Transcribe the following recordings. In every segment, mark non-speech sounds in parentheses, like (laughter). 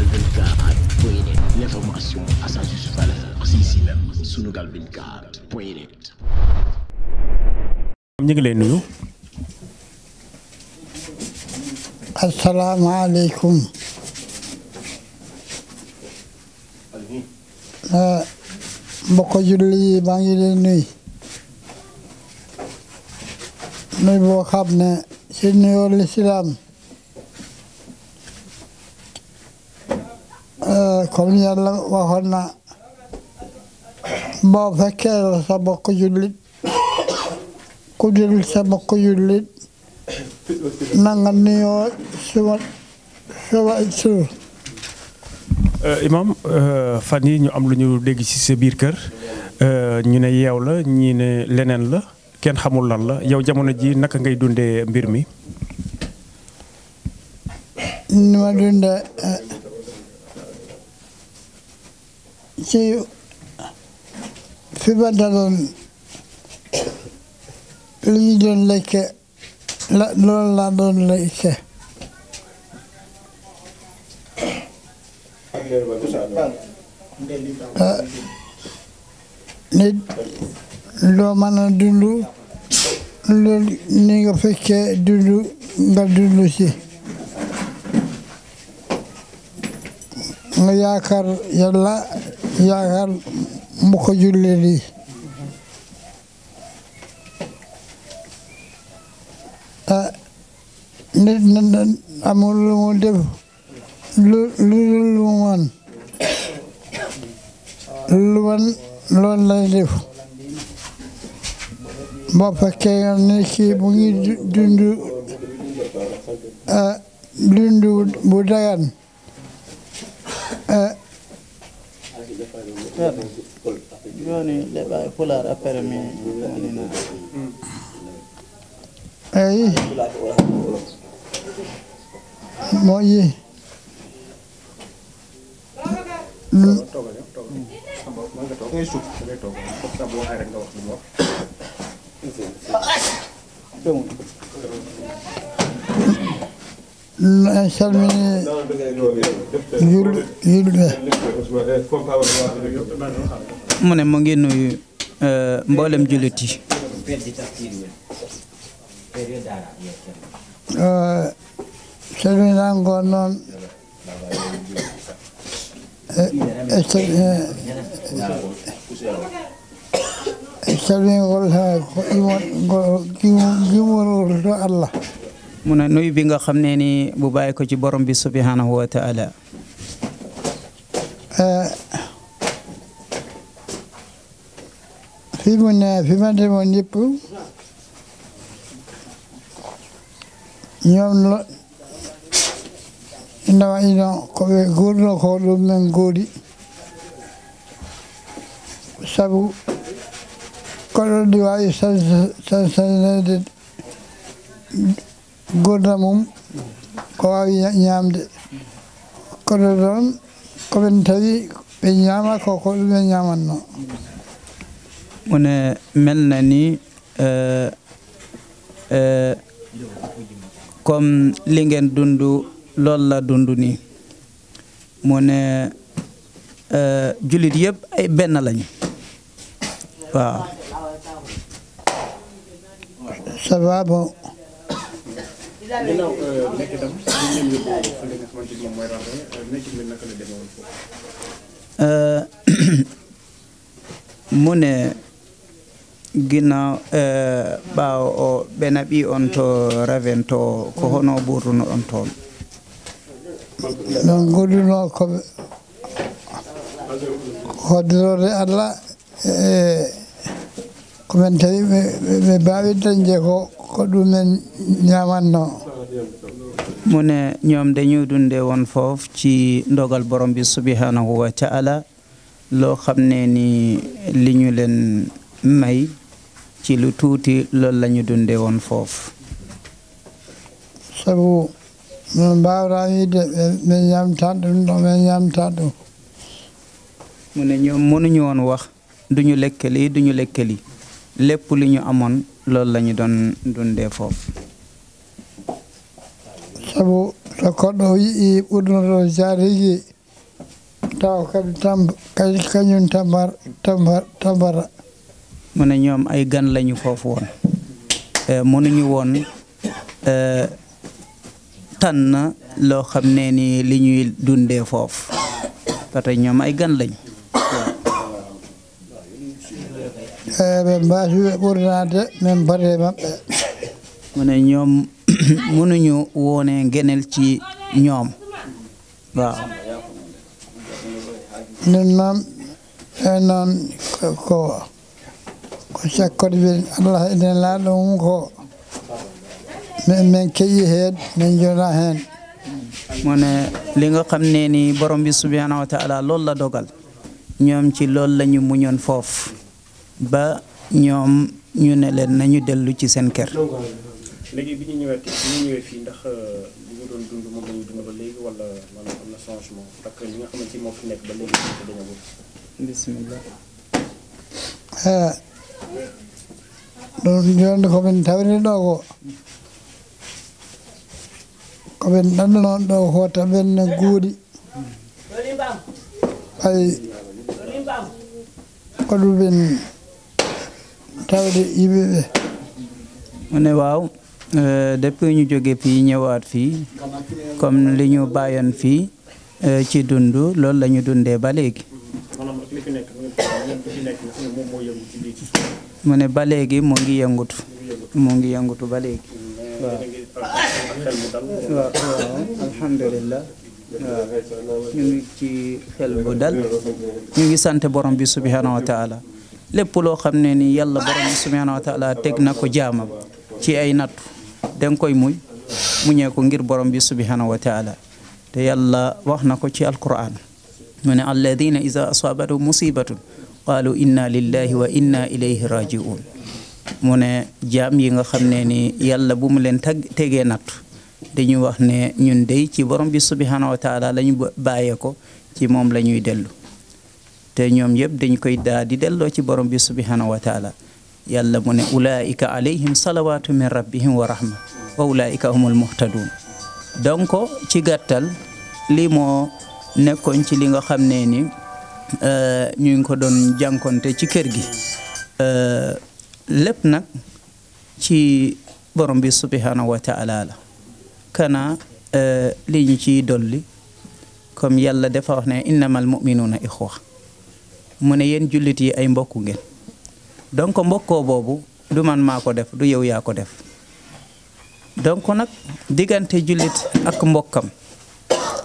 Sunugal 24 point net l'information à sa juste euh, mbokk julli yi maa ngi leen nuyu nuyu boo xam ne si nuyoo lislaam comme yàlla waxoon na boo fekkee la sa bokk jullit ku sa bokk jullit na nga nuyoo suma suma suur eh, Imaam eh, fan yi ñu am lu ñu dégg ci sa biir kër eh, ñu ne yeew la ñii ne leneen la kenn xamul lan la yow jamono ji naka ngay dundee mbir mi. ma dundee. ci fi ma daloon lu doon lekke la loolu doon lekke ah, nit loo mën a dund loolu ni nga fekkee dund nga dund ci nga yaakaar yàlla yaakaar mbokk jullit yi ah, nit na amul mu def lu lu lu man lu man loolu lay def ba fekkee nga ne kii mu ngi dund ah, joni leɓa e pular après mi wonina eyi moƴƴi Thank you. en calmini yul yulɓe mu ne mu ngi mboolem jullit yi calminango noon calmingol ko imol gimol to allah mu ne nuyu bi nga xam ne ni bu bàyyi ko ci borom bi subhanahu wa taala fi mu ne fi ma demoon yëpp ñoom la ndawa ino koɓe guurno ko ɗum men goodi sabu koɗo ɗi waawi sansanede gurna mum ko wawi ñamde kono noon koɓen tawi ɓe ñama ko ko ɗum ɓe ñamanno une melna ni kom eh, eh, li ngeen dund loolu la dund ni mu ne eh, jullit yëpp ay benn lañ waaw ginnaaw euh, nekk itam euh, euh, (coughs) mu ne ginnaaw ɓaawo o ɓe naɓi on to raven to ko mm. hono ɓurduno on toon non gonduno koɓe hoddirode allah e komin e, tawi ɓe mbawi dañde ko ko ɗum en ñamanno mu ne ñoom dañuy dunde woon foof ci ndogal borom bi subhanahu wa taala loo xam ne ni li ñu leen may ci lu tuuti loolu la ñu dunde woon foof sabu min mbawra wiide ɓe ñamta ɗum ɗo mu ne ñoom mënuñu woon wax duñu lekk lii duñu lekk lii lépp li ñu amoon loolu la ñu doon dundee foofu sabu so goɗɗo yii ɓurnoto jariji taw kadi tambar tambara mu ñoom ay gan lañu foofu woon eh, mënuñu woon eh, tànn loo xam ne ni li ñuy dundee foofu parce que ñoom ay gan lañu ɓe mbasiɓe ɓurnade min bate maɓɓe mune ñoom (coughs) munuñu wone guenel ci ñoom waaw nden noon e noon ko ko cakkode allah eden laaɗo ko min keƴi heen min jona heen mu ne li nga xam ne ni borom bi la dogal ñoom ci loolu la ñu foofu ba ñoom ñu ne leen nañu dellu ci seen kër. léegi bi ñu ñëwee bi euh, ñuy dund ba léegi wala maanaam am na changement parce que li nga ba léegi dañu ah. ko dañoo bismillah. ɗum jonde komin tawriɗo ko komin ɗannoon ɗo hoota men no ay ko ɗumin tawde mu ne waaw e, depuis ñu jóge fii ñëwaat fii kom li ñu bàyyoon fii e, ci dund loolu lañu dundee ba léegi mu ne ba léegi mu ngi yëngutu mu ngi yëngutu ba léegi waaw waaw alhamdulillah waaw ñu ngi ci xel bu dal ñu ngi sant borom bi subhanahu wa lépp loo xam ne ni yàlla borom subhanahu wa taala teg na ko jaamam ci ay nattu danga koy muñ muñee ko ngir borom bi subhanahu wa te yàlla wax na ko ci alquran mu ne alladina ida asabatu musibatun qaalu inna lillahi wa inna ilayhi rajiun mu ne jaam yi nga xam ne ni yàlla bu mu leen tag tegee nattu dañu wax ne ñun dey ci borom bi subhanahu wa taala la ko ci moom la ñuy dellu te ñoom yëpp dañ koy daa di delloo ci borom bi subhanahu wa taala yàlla mu ne ulaika alayhim salawatu min rabbihim wa rahma wa ulaika humul muhtadun donc ci gàttal lii moo nekkoon ci li nga xam ne ni euh, ñu ngi ko doon jànkonte ci kër gi euh, lépp nag ci borom bi subhanahu wa taala la kana euh, li ñu dolli comme yàlla dafa wax ne innamal muminuuna ixwa mu ne yéen jullit yi ay mbokku ngeen donc mbokkoo boobu du man maa ko def du yow yaa ko def donc nag diggante jullit ak mbokkam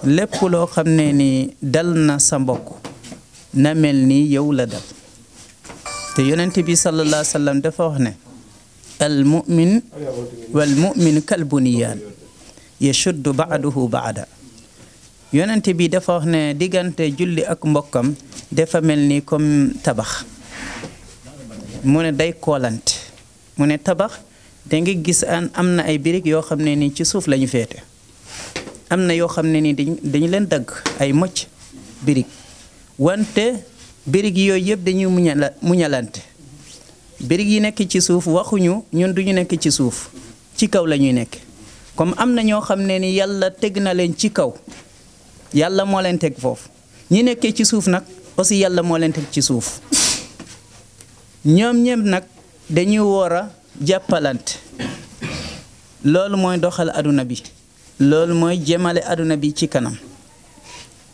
lépp loo xam ne ni dal na sa mbokk na mel ni yow la dal te yonent bi sallallahu alayhi wa dafa ne al mu'min wal mu'min kalbuniyaan yashuddu ba'duhu ba'da yonent bi dafa wax ne diggante julli ak mbokkam dafa mel ni comme tabax mu ne day koolante mu ne tabax da gis an am na ay birig yoo xam ne nii ci suuf lañu féete am na yoo xam ne ni dañu leen dagg ay mocc birig wante birig yooyu yëpp dañuy muñala muñalante birig yi nekk ci suuf waxuñu ñun duñu nekk ci suuf ci kaw la ñuy nekk comme am na ñoo xam ne ni yàlla teg na leen ci kaw yàlla moo leen teg foofu ñi nekkee ci suuf nag aussi yàlla moo leen teg ci suuf ñoom ñëpp nag dañuy war a jàppalante loolu mooy doxal aduna bi loolu mooy jëmale aduna bi ci kanam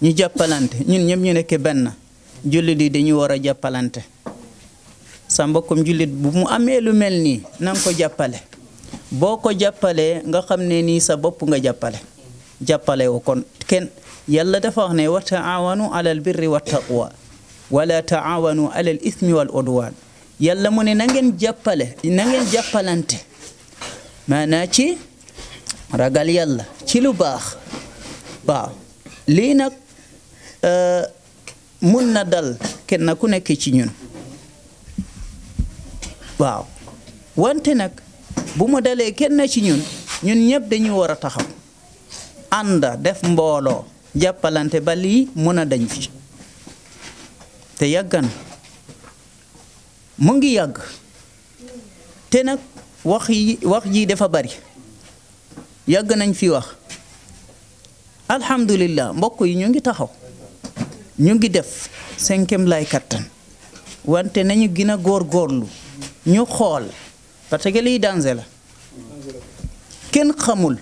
ñu jàppalante ñun ñëpp ñu nekk benn jullit yi dañuy war a jàppalante sa mbokkum jullit bu mu amee lu mel nii na ko jàppale boo ko jàppalee nga xam ne nii sa bopp nga jàppale jàppale kon kenn yàlla dafa wax ne wa taawanu alal birri wa taqwa wala taawanu alal ismi wal odwaan yàlla mu ne na ngeen jàppale na ngeen jàppalante ci ragal yàlla ci lu baax waaw lii nag euh, mun na dal kenn ku nekk ci ñun waaw wante nag bu mu dalee kenn ci ñun ñun ñëpp dañu war a taxaw ànd def mbooloo jàppalante ba lii mën a dañ fi te yàggan mu ngi yàgg te nag wax yi wax ji dafa bari yàgg nañ fi wax alhamdulillah mbokk yi ñu ngi taxaw ñu ngi def seen lay kattan wante nañu gën a góorlu ñu xool parce que lii la kenn xamul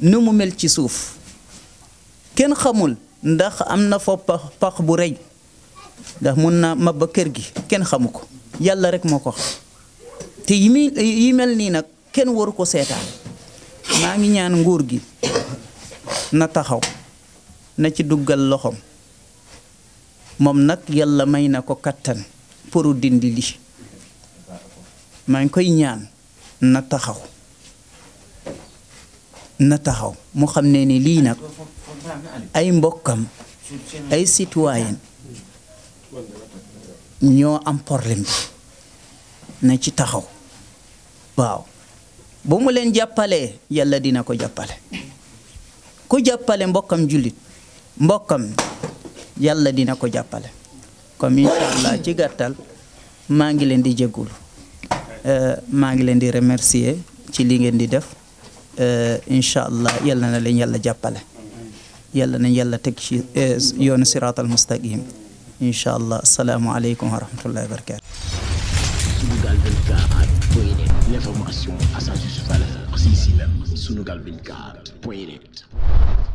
nu mu mel ci suuf kenn xamul ndax am na fa pax bu rëy ndax mun na mabba kër gi kenn xamu ko yàlla rekk ma ko xam te yi mel nii nag kenn waru ko seetaan maa ngi ñaan nguur gi na taxaw na ci duggal loxoom moom nag yàlla may na ko kattan pour dindi li maa ngi koy ñaan na taxaw na taxaw mu xam ne ni lii nag ay mbokkam ay citoyen ñoo am problème na ci taxaw waaw bu mu leen jàppalee yàlla dina ko jàppale ku jàppale mbokkam jullit mbokkam yàlla dina ko jàppale comme incha allah ci gàttal maa ngi leen di jegul maa ngi leen di remercier ci li ngeen di def Eh, incha allah yàlla na leen yàlla jàppale yàlla nañ yàlla teg ci eh, yoonu siraatal mustaqim incha allah asalaamaaleykum wa rahmatullahi wa barakaatu. Sunugal 24 point